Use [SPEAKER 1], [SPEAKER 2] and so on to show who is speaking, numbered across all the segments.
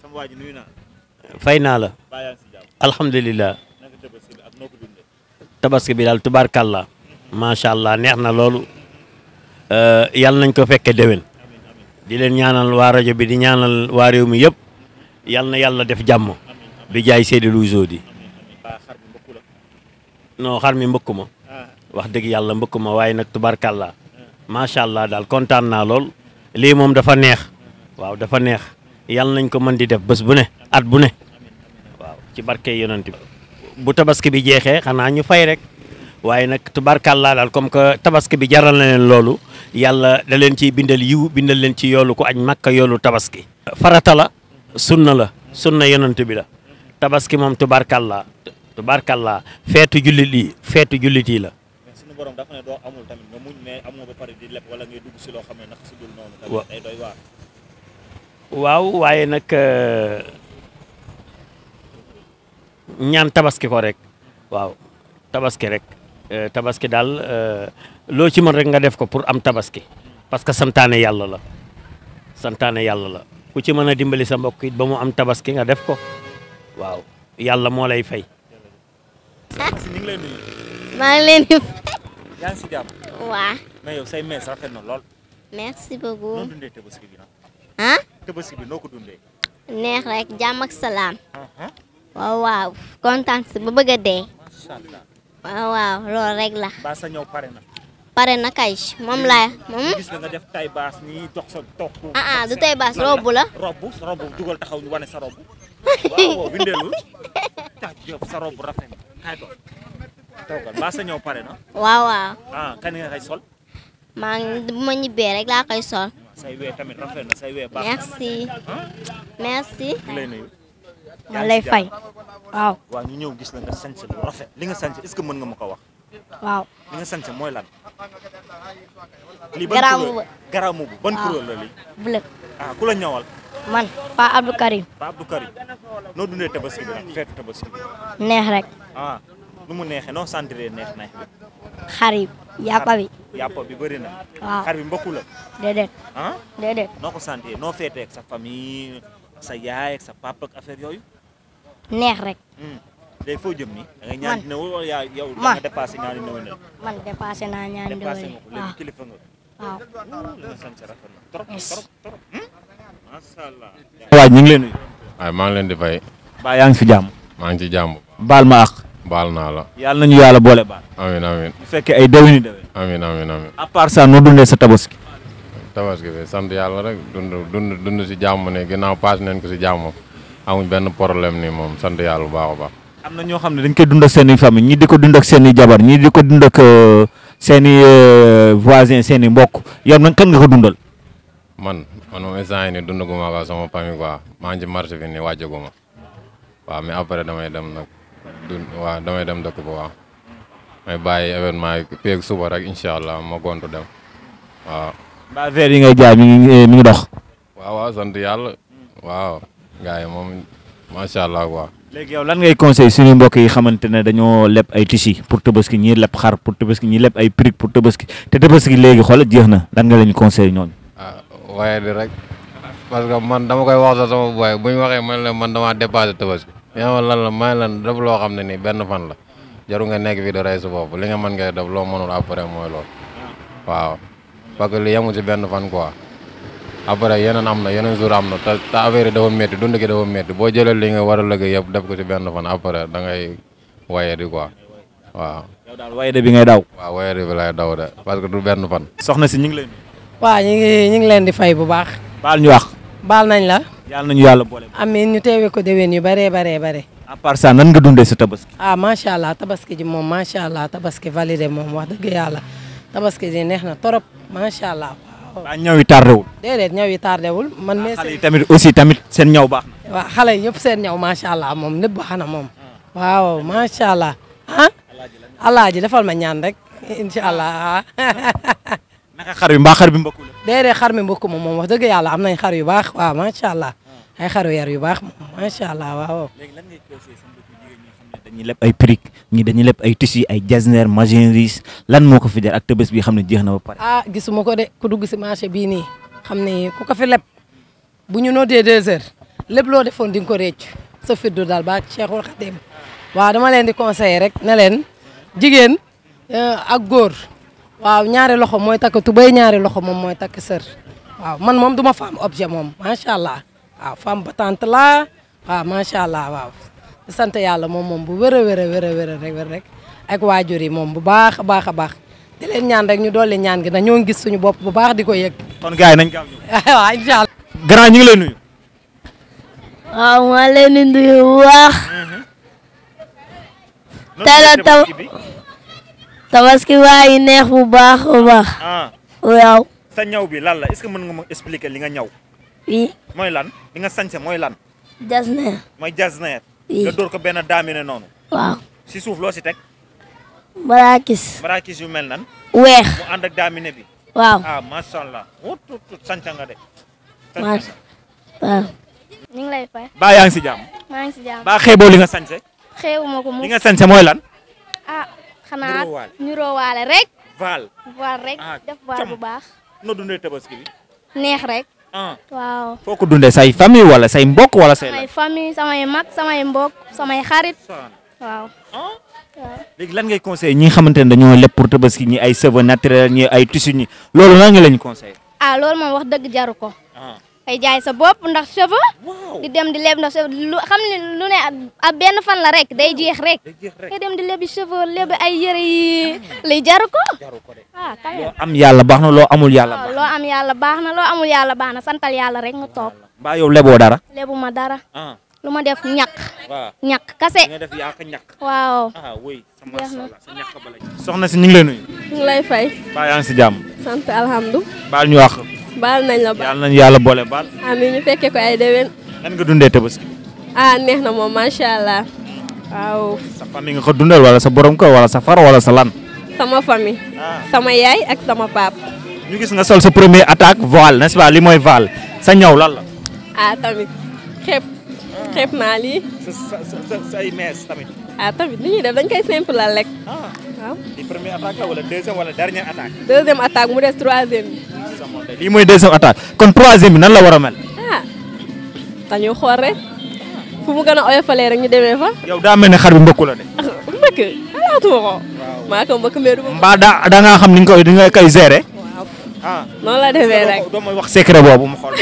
[SPEAKER 1] sama waa ji naa
[SPEAKER 2] fay naa la alhamdulilah tabaski bi daal tubaarkàlla mhm. macha allah neex na loolu euh, yàlla nañ ko fekke déwén di leen ñaanal waa rajo bi di ñaanal waa réew mi yëpp yàlla na yàlla def jàmm bi jaay seede lu zodi non xar mi mbëkku ma ah. wax dëgg yàlla mbëkku ma waaye nag tubaarkàlla ah. macha allah daal kontaan na lool lii moom dafa neex ah. waaw dafa neex yàlla nañ ko mën di def bés bu ne at bu ne waaw ci barke yonent bi bu tabaski bi jeexee xanaa ñu fay rek waaye nag tubarkàllaa daal comme que tabaski bi jaral na leen loolu yàlla da leen ciy bindal yiw bindal leen ci yoolu ko añ makka yoolu tabaski farata la sunna la sunna yonent bi la tabaski moom tubarkàllaa tubarkàllaa feetu jullit yi feetu jullit yi la
[SPEAKER 1] borom dafa ne doo amul tamit nga loo
[SPEAKER 2] waaw waaye nag euh, ñaan tabaski ko rek waaw tabaski rek euh, tabaski daal euh, loo ci mën rek nga def ko pour am tabaski parce que santaane yàlla la santaane yàlla la ku ci mën a dimbali sa mbokk it ba mu am tabaski nga def ko waaw yàlla moo lay fay.
[SPEAKER 1] maa ngi
[SPEAKER 3] na lool.
[SPEAKER 1] tabaski bi noo ko dundee.
[SPEAKER 3] neex rek jàmm ak salaam. Uh-huh. waaw waaw kontaan si ba bëgg dee. waaw waaw loolu rek la. ba sa ñëw pare na. pare na kay moom laa
[SPEAKER 1] moom. gis nga def tay baas nii dox sa toog. Ah, ah, la. robu robu dugal taxaw ñu wane rafet na kaay doon. pare na. waaw waaw. ah nga koy sol.
[SPEAKER 3] maa bu ma ñibbee rek laa koy sol.
[SPEAKER 1] say wee tamit rafet na say wee baax merci
[SPEAKER 3] merci di
[SPEAKER 1] lay nuyu ma lay fay waaw waaw ñu ñëw gis la nga sañse lu rafet li nga sañse est-ce mën nga ma ko wax waaw li nga sañse mooy lan lii ban garaamu garaamu bu ban couleur la lii bleu ah ku la ñawal
[SPEAKER 4] man Pa Abdou Karim
[SPEAKER 1] Pa Abdou Karim noo dundee tabaski bi nag feetu tabaski bi neex rek ah, nu mu neexee noo sentiree neex neex bi
[SPEAKER 4] xar yàppa bi
[SPEAKER 1] yàpp bi bëri na. waaw xar la. Ah? déedéet. noo ko santee noo féetee sa famille ak sa yaay sa papa ak affaire yooyu. Hmm. foo jëm ni da nga kilifa nga.
[SPEAKER 5] waaw hmm? ñu leen nuyu. waaw maa ngi leen di fay. ba yaa ngi fi jàmm. maa ngi ci jàmm. baal ma ak. baal naa la. yàlla nañu yàlla boole baal. amiin amiin. ay déwéni déwén. amiin amiin amiin à part ça noo dundee sa tabaski. tabaski bi sant yàlla rek dund dund dund si jàmm ne ginnaaw paas nañ ko si jàmm amuñ benn problème ni moom sant yàlla bu baax a baax.
[SPEAKER 1] am na ñoo xam ne dañ koy dund ak seen i famille ñii di ko dund ak seen i jabar ñii di ko dund ak euh, seen i euh, voisins seen i mbokk yow nag kan nga ko dundal.
[SPEAKER 5] man man moom instant yii nii dund gu ma ko sama famille quoi maa ngi ci marché bi nii wàcce gu ma waaw mais après damay dem nag du waaw damay dem dëkk ba waaw. may bàyyi événement yi feeg suba rek incha allah ma gontu dem waaw.
[SPEAKER 1] mbaa yi ngay jaay mu ngi mi ngi dox.
[SPEAKER 5] waaw waaw sant yàlla. waaw gars yi moom macha allah waaw. léegi yow lan ngay conseil
[SPEAKER 1] suñu mbokk yi xamante ne dañoo leb ay tissus pour tabaski ñii leb xar pour tabaski ñii leb ay prix pour tabaski te tabaski léegi xool jeex na lan nga leen conseil ñooñu. ah
[SPEAKER 5] waaye di rek parce que man dama koy wax sax sama boy bu ñu waxee ma la man damaa dépassé tabaski. yaa lan la may lan def loo la. jaru nga nekk fi di rey sa bopp li nga mën ngay def loo mënul après mooy lool waaw parce que li yemul si benn fan quoi après yeneen am na yeneen jour am na te te affaire yi dafa métti dund dafa métti boo jëlee li nga war a lëgg yëpp def ko si benn fan après da ngay waye di quoi waaw. yow daal bi ngay daw. waaw wayede bi lay daw de parce que du benn fan. soxna si ñu ngi leen.
[SPEAKER 4] waaw ñu di fay bu baax. baal ñu wax. baal nañ la.
[SPEAKER 5] yàlla nañu yàlla boole.
[SPEAKER 4] amiin ñu teewee ko déwén yu bare.
[SPEAKER 1] à part nan nga dundee sa tabaski.
[SPEAKER 4] ah macha allah tabaski ji moom macha allah tabaski validé moom wax dëgg yàlla tabaski ji neex na trop macha allah.
[SPEAKER 1] waaw ñaw yi tardé wul.
[SPEAKER 4] déedéet ñaw yi tardé wul. man ah, mais
[SPEAKER 1] tamit aussi tamit seen ñaw baax na.
[SPEAKER 4] waaw xale yi ñëpp seen ñaw macha allah moom lépp baax moom. waaw macha allah ah. alaaji defal ma ñaan rek incha allah. naka xar bi xar bi mbëkku la. xar mi mbëkku moom moom wax dëgg yàlla am nañ xar yu baax waaw macha allah. ay xaru yar yu baax macha allah waaw. léegi lan ngay conseillé sa mbokku jigéen ñi xam
[SPEAKER 1] leb ay perruque ay tissus ay jasner magenris lan moo ko fi jar ak tëbës bi xam ne jeex na ba pare.
[SPEAKER 4] ah gisuma ko de ku dugg si marché bii nii xam ne ku ko fi leb bu ñu nootee deux heures lépp loo defoon di nga ko réccu sa fiddu daal ba Cheikhul Khadim waaw dama leen di conseillé rek ne leen jigéen eh, ak góor waaw ñaari loxo mooy takk tubéy ñaari loxo moom mooy takk sër waaw man moom du ma fa am objet moom macha allah. waaw femme battante laa waaw macha allah waaw di sant yàlla moom moom bu wér a wér a rek wér rek ak waajur yi moom bu baax a baax a baax di leen ñaan rek ñu dolli ñaan gi na gis suñu bopp bu baax di ko yëg. kon
[SPEAKER 1] gars nañ gaaw ñëw.
[SPEAKER 4] waaw incha allah.
[SPEAKER 1] grand ñu ngi lay nuyu.
[SPEAKER 3] neex bu baax a baax.
[SPEAKER 1] Ah. bi lan la mën nga ma expliquer li nga ñaw. oui. mooy lan li nga sañse mooy lan. jasneer. mooy jasneer. oui nga dóor ko benn daamine noonu. si suuf loo si teg.
[SPEAKER 3] maraakis.
[SPEAKER 1] maraakis yu mel nan. weex mu ànd bi. waaw ah macha de. ñu ngi lay fay. baa yaa ngi si jàmm.
[SPEAKER 3] maa ngi si baa xeeboo li nga sañse. xeebu ma ko mu nga sañse mooy lan. ah xanaa ñuroo waale rek. vaal vaal rek ah, def vaal bu baax. noo dundee neex rek. Ah. waaw foo
[SPEAKER 1] ko dundee say famille wala say mbokk wala say. samay
[SPEAKER 3] famille samay mag samay mbokk samay xarit ah. waaw.
[SPEAKER 1] léegi lan ngay conseil ñi nga xamante ne dañoo lépp pour tabaski ñi ay cheveux naturel ñi ay tissu ñi loolu lan nga leen conseil
[SPEAKER 3] ah loolu moom wax dëgg jaru ko. Ah. ay jaay sa bopp ndax chauffeur di dem di leb ndax lu xam lu ne ab benn fan la rek day jeex rek ngay dem di lebi chauffeur lebi ay yëre yi lay jaru ko ah loo
[SPEAKER 1] am yàlla baax na loo amul yàlla
[SPEAKER 3] baax na loo yàlla baax na loo amul yàlla baax na santal yàlla rek nga toog
[SPEAKER 1] mbaa yow leboo dara
[SPEAKER 3] lebu ma dara ah. lu ma def ñàkk ñàkk kase nga
[SPEAKER 1] def yaa ko ñàkk waaw ah, soxna si ñu ngi lay nuyu lay fay baa yaa si jàmm
[SPEAKER 3] sant alhamdu baal nañ la baal yàlla
[SPEAKER 1] yàlla boole baal.
[SPEAKER 3] amiin ñu fekkee ko ay déwén.
[SPEAKER 1] nan nga dundee tabaski.
[SPEAKER 3] ah neex na moom macha allah waaw. sa famille
[SPEAKER 1] nga ko dundal wala sa borom kër wala sa far wala sa lan.
[SPEAKER 3] sama famille. Ah. sama yaay ak sama paap.
[SPEAKER 1] ñu gis nga sol sa premier attaque voile n'est-ce pas li mooy voile sa ñaw lan la.
[SPEAKER 3] ah tamit xepp. xeeb naa lii. sa sa sa ay mees tamit. ah tamit li ñuy def dañ koy simple la lekk. ah waaw. di première attaque la wala deuxième wala dernière mu des troisième
[SPEAKER 1] bi. kon troisième bi nan la war a mel.
[SPEAKER 3] ah dañuy xool rek fu mu gën a oyofalee rek ñu demee fa.
[SPEAKER 1] yow daa mel ne xar bi mbëkku la de.
[SPEAKER 3] Ah, mbëkk xalaatu ma ko. maa
[SPEAKER 1] ko daa da xam ni nga koy ni nga
[SPEAKER 3] ah. la demee rek doo may wax secret boobu mu xool.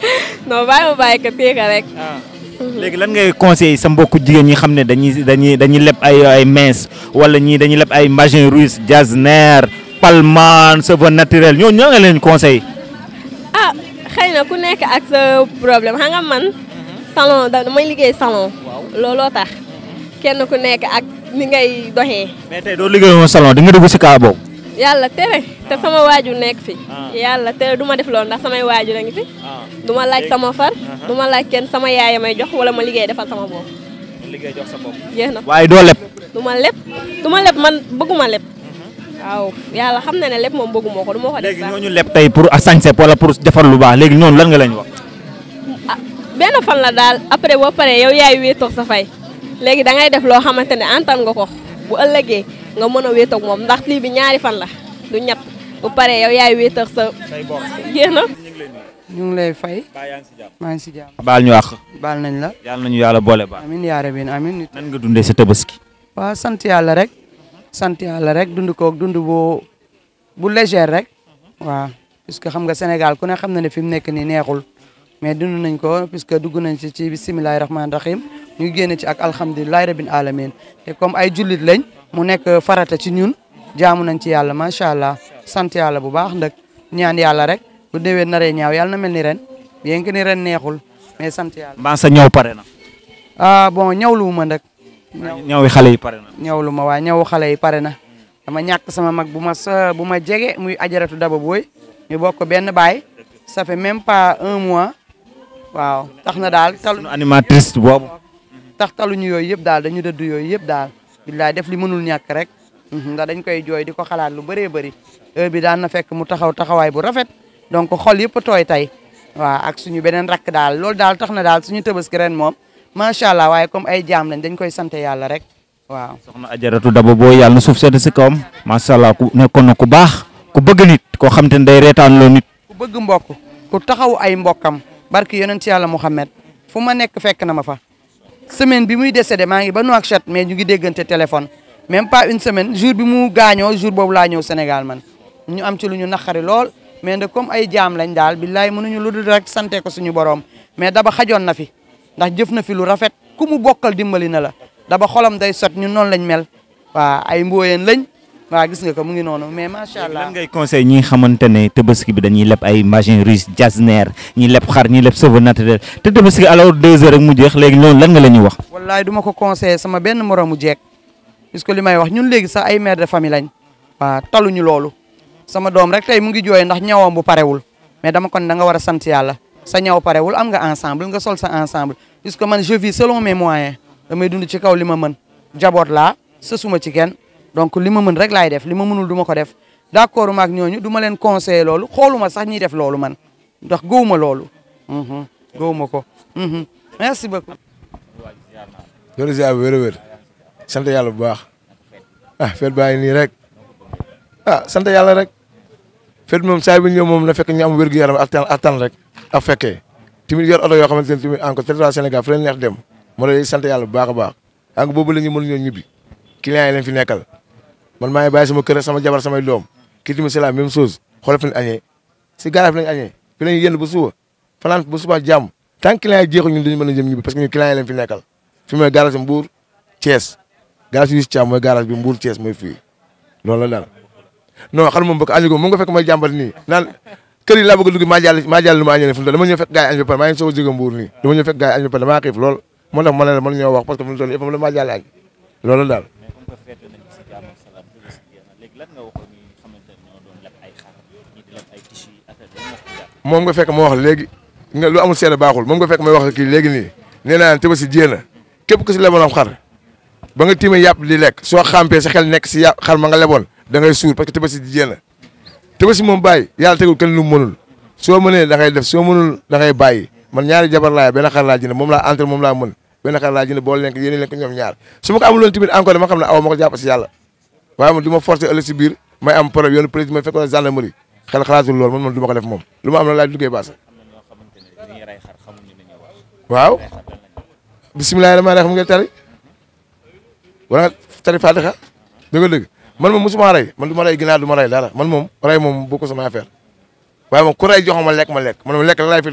[SPEAKER 3] rek. Ah.
[SPEAKER 1] léegi lan ngay conseil sa mbokku jigéen ñi xam ne dañuy dañuy dañuy leb ay ay mince wala ñii dañuy leb ay magin russe jasner palman cheveux naturel ñoo ñoo nga leen conseil
[SPEAKER 3] ah xëy na ku nekk ak sa problème xam man salon damay liggéey salon looloo tax kenn ku nekk ak ni ngay doxee
[SPEAKER 1] doo liggéeyoon salon di nga dugg si kaa
[SPEAKER 3] yàlla tere te sama waajur nekk fi ah. yàlla tere du ma def loolu ndax samay waajur a ngi fi ah. du laaj sama far du ma laaj kenn sama yaay may jox wala ma liggéey defal sama bopp.
[SPEAKER 1] liggéey jox sa bopp. na waaye doo leb.
[SPEAKER 3] du ma leb du ma leb man bëgguma leb. waaw yàlla xam na ne leb moom bëgguma ko du ma ko def. léegi ñooñu leb
[SPEAKER 1] tey pour sañse wala pour defar lu baax léegi ñooñu lan nga lañ wax.
[SPEAKER 3] Ah, benn fan la daal après boo paree yow yaay wéetoog sa fay léegi da ngay def loo xamante ne antan nga ko bu ëllëgee nga mën a wéetoog moom ndax lii bi ñaari fan la du ñett bu paree yow yaayu wéetoog sa.
[SPEAKER 6] say bor ñu ngi lay fay. maa ngi si jàmm. baal ñu àq. baal nañ la.
[SPEAKER 1] yàlla nañu yàlla boole baal.
[SPEAKER 6] amiin yaa rabbi amiin. nan nga dundee sa tabaski. waaw sant yàlla rek. sant yàlla rek dund koog dund bu bu léger rek. Mhm. waaw puisque xam nga Sénégal ku ne xam na ne fi mu nekk nii neexul. mais dund nañ ko puisque dugg nañ ci ci bisimilahi rahmaani rahim ñu génn ci ak alhamdulilahi rabbil alamin te comme ay jullit lañ. mu nekk farata ci ñun. jaamu nañ ci yàlla macha allah sant yàlla bu baax nag ñaan yàlla rek. bu déwee naree ñaaw yàlla na mel ni ren bien que ni ren neexul mais sant yàlla.
[SPEAKER 1] sa ñaw pare na.
[SPEAKER 6] ah bon ñawlu ma nag. ñaw xale yi pare na. ñawlu ma waaye ñaw xale yi pare na. dama ñàkk sama mag bu ma sa bu ma jege muy ajaratu daba booy. ñu bokk benn baay. ça fait même pas un mois. waaw tax na daal talu animatrice boobu. tax yooyu yëpp daal dañu dëdd yooyu yëpp daal. billaay def li mënul ñàkk rek. Mhm, ndax dañ koy jooy di ko xalaat lu bëree bëri. heure bi daan na fekk mu taxaw taxawaay bu rafet. donc xol yëpp tooy tey waaw ak suñu beneen rakk daal loolu daal tax na daal suñu tabaski ren moom macha allah waaye comme ay jaam lañ dañ koy sant yàlla rek waaw. soxna
[SPEAKER 1] Ajaratu Daba Boye yàlla na suuf sedd si kawam macha allah ku nekkoon na ku baax ku bëgg nit koo xam te day reetaan loo nit.
[SPEAKER 6] ku bëgg mbokk ku taxaw ay mbokkam barki yonent yàlla Muhammad fu ma nekk fekk na ma fa semaine bi muy décédé maa ngi ba Nouakchott mais ñu ngi déggante téléphone même pas une jour bi mu gaañoo jour boobu laa ñëw Sénégal man ñu am ci lu ñu naqari lool. mais nag comme ay jaam lañ daal billaay ñu lu dul rek sante ko suñu borom mais daba xajoon na fi ndax jëf na fi lu rafet ku mu bokkal dimbali na la daba xolam day sot ñun noonu lañ mel waa ay mbooyeen lañ waa gis nga ko mu ngi noonu mais macha allah lan ngay
[SPEAKER 1] conseil ñi xamante ne tabaski bi dañuy leb ay machine russe jasner ñi leb xar ñi leb cheveux naturel te tabaski alors deux heures rek mu léegi loolu lan nga la ñuy wax
[SPEAKER 6] wallaay du ma ko conseillé sama benn mu jeeg puisque li may wax ñun léegi sax ay mère de famille añ waa taluñu loolu sama doom rek tey mu ngi jooy ndax ñawam bu parewul mais dama ko da nga war a sant yàlla sa ñaw parewul am nga ensemble nga sol sa ensemble puisque man je vis selon mes moyens damay dund ci kaw li ma mën jaboot laa sësuma ci kenn donc li ma mën rek laay def li ma mënul duma ko def d'accord maak ñooñu duma leen conseiller loolu xooluma sax ñuy def loolu man ndax gëwuma loolu mhm, gëwuma ko mhm. merci beaucoup
[SPEAKER 7] loolu ziar bi wér wér sant yàlla bu baax ah fet bàyyi nii rek ah, fet moom saa bu ñëw moom na fekk ñu am yaram ak rek ak fekkee tamit yor oto yoo xamante ne tamit encore territoire Sénégal fu dem moo lay sant yàlla bu baax a baax ànd boobu la ñu mën ñoo ñibbi clients yi leen fi nekkal man maa ngi bàyyi sama kër samay doom kii tamit c'est la même chose xoolal fi ñu añee si garage fi lañ añee suba jàmm tant que clients yi jeexul mën a jëm ñibbi parce que ñun clients yi fi nekkal fi mooy garage Mbour Thiès garage Youssou Thiam mooy garage bi Mbour Thiès mooy fii loolu la daal non xam moom bëgg añ ko moom nga fekk may jàmbat nii naan kër yi laa bëgg jàll maa fu mu toll dama a jóge mbuur nii dama ñëw fekk gars yi añ ba pare damaa xiif lool moo tax ma ne la mën ñoo wax parce que fu mu toll yëpp ma nga fekk ma wax léegi nga lu amul seede baaxul moom nga fekk may wax kii léegi nii nee naa Tabaski jéem na képp ku si leboon am xar ba nga tiimee yàpp di lekk soo xampee sa xel nekk si yàpp xar ma nga leboon dangay ngay suur parce que tabaski jigéen la tabaski moom bàyyi yàlla tegul kenn lu mënul soo mënee da ngay def soo mënul da ngay bàyyi man ñaari jabar laaya benn xar laa jënd moom laa entre moom laa mën benn xar laa jënd boole leen ko yéene leen ko ñoom ñaar su ma ko amuloon tamit encore dama xam ne aw ma ko jàpp si yàlla waaye man du ma forcé ëllëg si biir am problème yoonu président ma fekkoon gendarmerie xel xalaatul loolu man man du ma ko def moom lu ma am na duggee man moom mosuma rey man du ma rey ginaar naa ma rey dara man moom rey moom bokku sama affaire waaye moom ku rey jox ma lekk ma lekk man moom lekk la rey fi